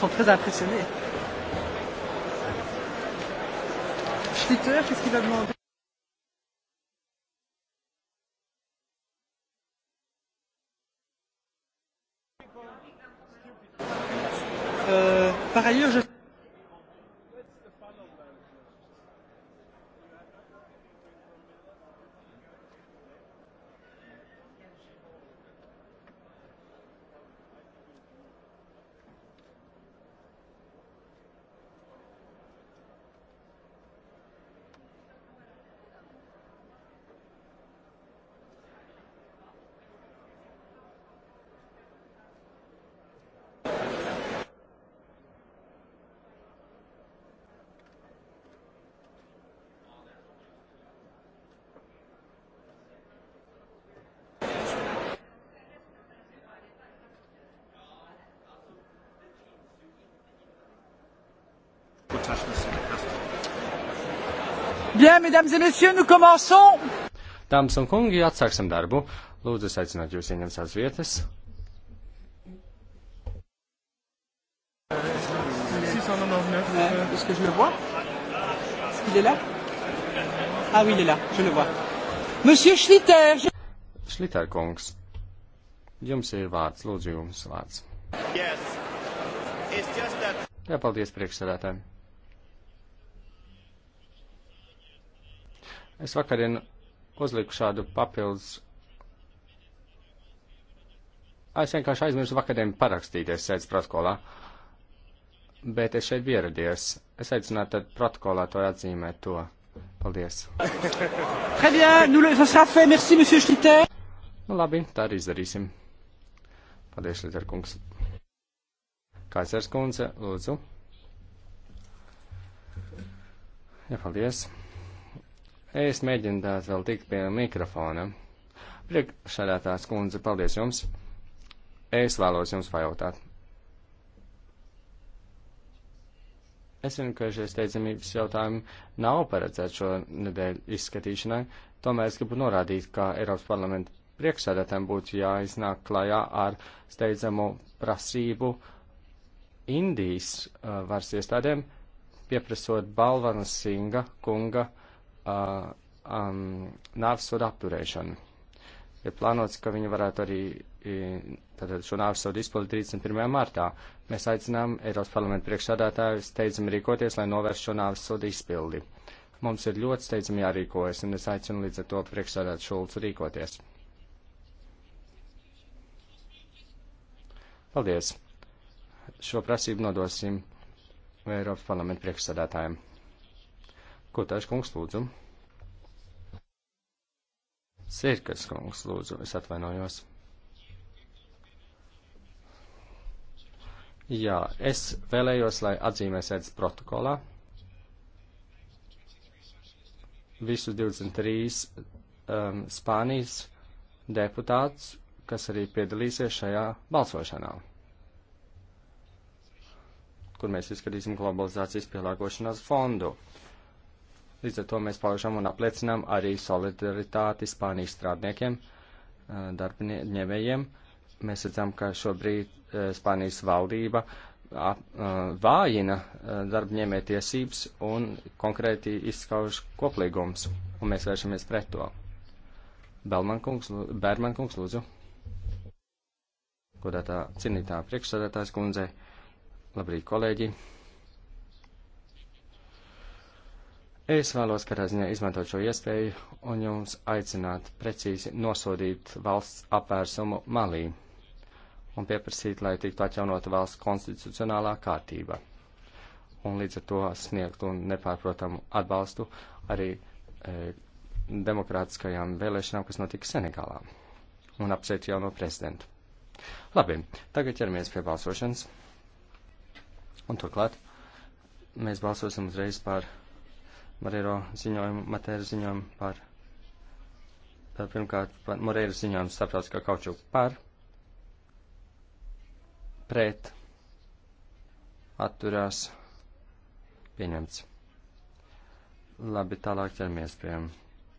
sont très impressionnés. Schlitter, qu'est-ce qu'il va demander euh, Par ailleurs, je Bien, mesdames et messieurs, nous commençons. Dāmas un kungi, atsāksim darbu. Lūdzu, es aicinātu jūs ieņemt savas vietas. Est-ce que je le vois Est-ce qu'il est là Ah oui, il est là, je le vois. Monsieur Schlitter, je... Schlitter kungs, jums ir vārds, lūdzu jums vārds. Yes. That... Jā, paldies priekšsēdētājiem. Es vakarien uzliku šādu papildus. Ah, es vienkārši aizmirsu vakarien parakstīties sēdz protokolā, bet es šeit biju ieradies. Es aicinātu tad protokolā to atzīmēt to. Paldies. Très bien, nous le, ça sera fait. Merci, monsieur Schlitter. Nu, labi, tā arī izdarīsim. Paldies, Schlitter kungs. Kaisers kundze, lūdzu. Jā, paldies. Es mēģinu tās vēl tikt pie mikrofona. Priekšsādātās kundze, paldies jums. Es vēlos jums pajautāt. Es zinu, ka šie steidzamības jautājumi nav paredzēti šo nedēļu izskatīšanai, tomēr es gribu norādīt, ka Eiropas parlamenta priekšsādātājiem būtu jāiznāk klajā ar steidzamo prasību Indijas uh, varas iestādēm, pieprasot Balvana Singa kunga uh, uh, um, nāvsodu apturēšanu. Ir plānots, ka viņi varētu arī tātad šo nāvsodu izpildīt 31. martā. Mēs aicinām Eiropas parlamentu priekšsādātāju steidzami rīkoties, lai novērstu šo nāvsodu izpildi. Mums ir ļoti steidzami jārīkojas, un es aicinu līdz ar to priekšsādāt Šulcu rīkoties. Paldies! Šo prasību nodosim Eiropas parlamentu priekšsādātājiem. Ko tāds kungs lūdzu? Sirkas kungs lūdzu, es atvainojos. Jā, es vēlējos, lai atzīmēsēdz protokolā visus 23 um, Spānijas deputātus, kas arī piedalīsies šajā balsošanā, kur mēs izskatīsim globalizācijas pielāgošanās fondu. Uh, Līdz ar to mēs paužam un apliecinām arī solidaritāti Spānijas strādniekiem, darbiņēmējiem. Mēs redzam, ka šobrīd Spānijas valdība vājina darbiņēmē tiesības un konkrēti izskauž koplīgums, un mēs vēršamies pret to. Belmankungs, Bērmankungs, lūdzu. Godātā cienītā priekšsādātājs kundze, labrīt kolēģi. Es vēlos katrā ziņā izmantot šo iespēju un jums aicināt precīzi nosodīt valsts apvērsumu Malī un pieprasīt, lai tiktu atjaunota valsts konstitucionālā kārtība. Un līdz ar to sniegt un nepārprotamu atbalstu arī e, demokrātiskajām vēlēšanām, kas notika Senegālā. Un apsveicu jauno prezidentu. Labi, tagad ķeramies pie balsošanas. Un turklāt mēs balsosim uzreiz par Marīro ziņojumu, Matēra ziņojumu par, par pirmkārt, par Morēra ziņojumu starptautiskā kaučuku par, pret, atturās, pieņemts. Labi, tālāk ķeramies pie.